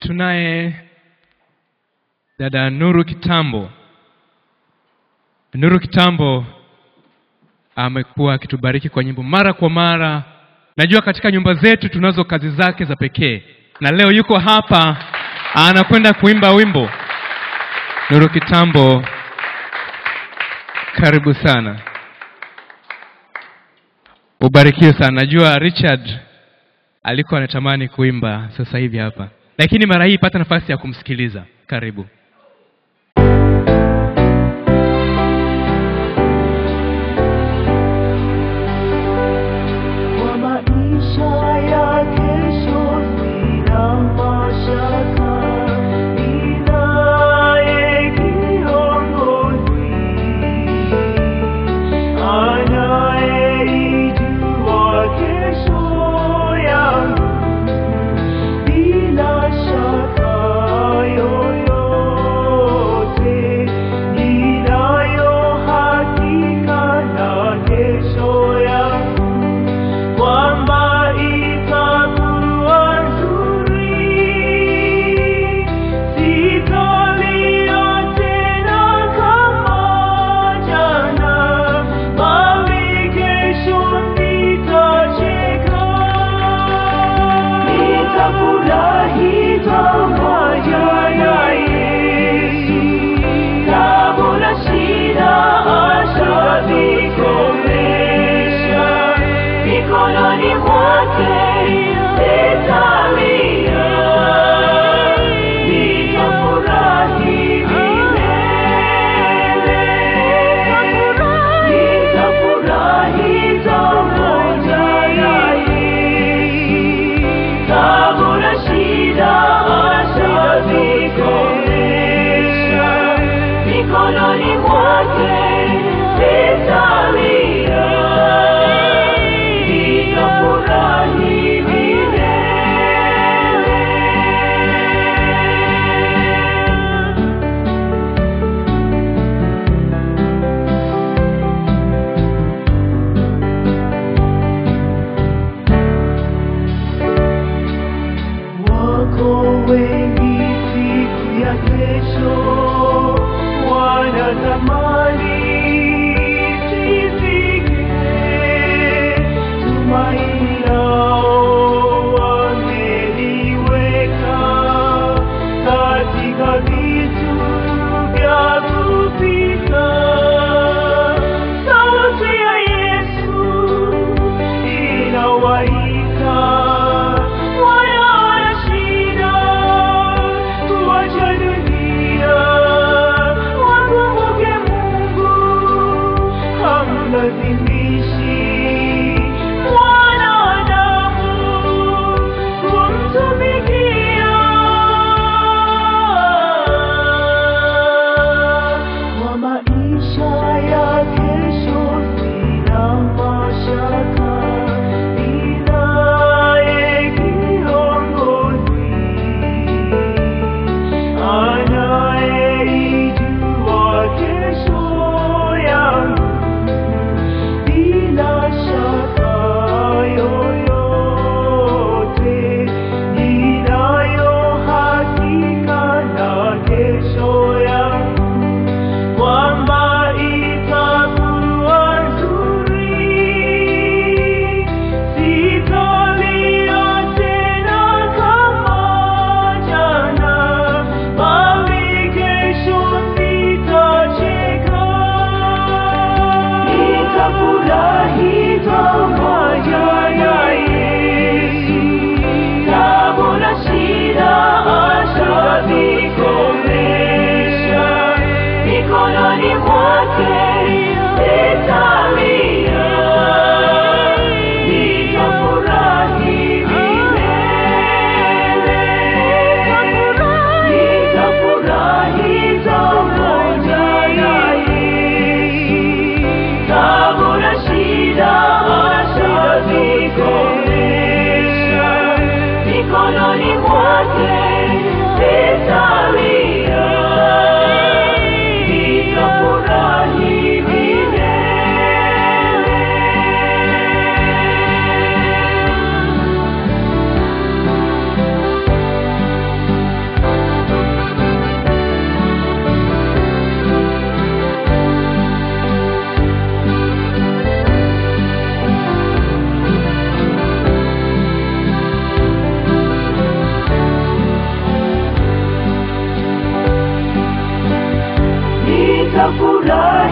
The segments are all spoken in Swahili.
Tunaye dada Nuru Kitambo. Nuru Kitambo amekuwa akitubariki kwa nyimbo mara kwa mara. Najua katika nyumba zetu tunazo kazi zake za pekee, na leo yuko hapa anakwenda kuimba wimbo. Nuru Kitambo, karibu sana, ubarikiwe sana. Najua Richard alikuwa anatamani kuimba sasa hivi hapa lakini mara hii pata nafasi ya kumsikiliza. Karibu.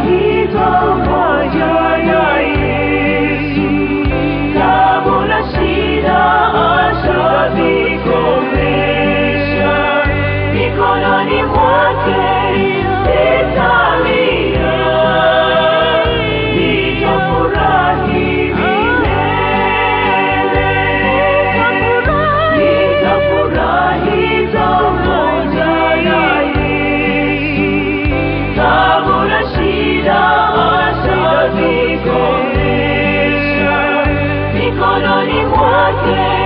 hero. again.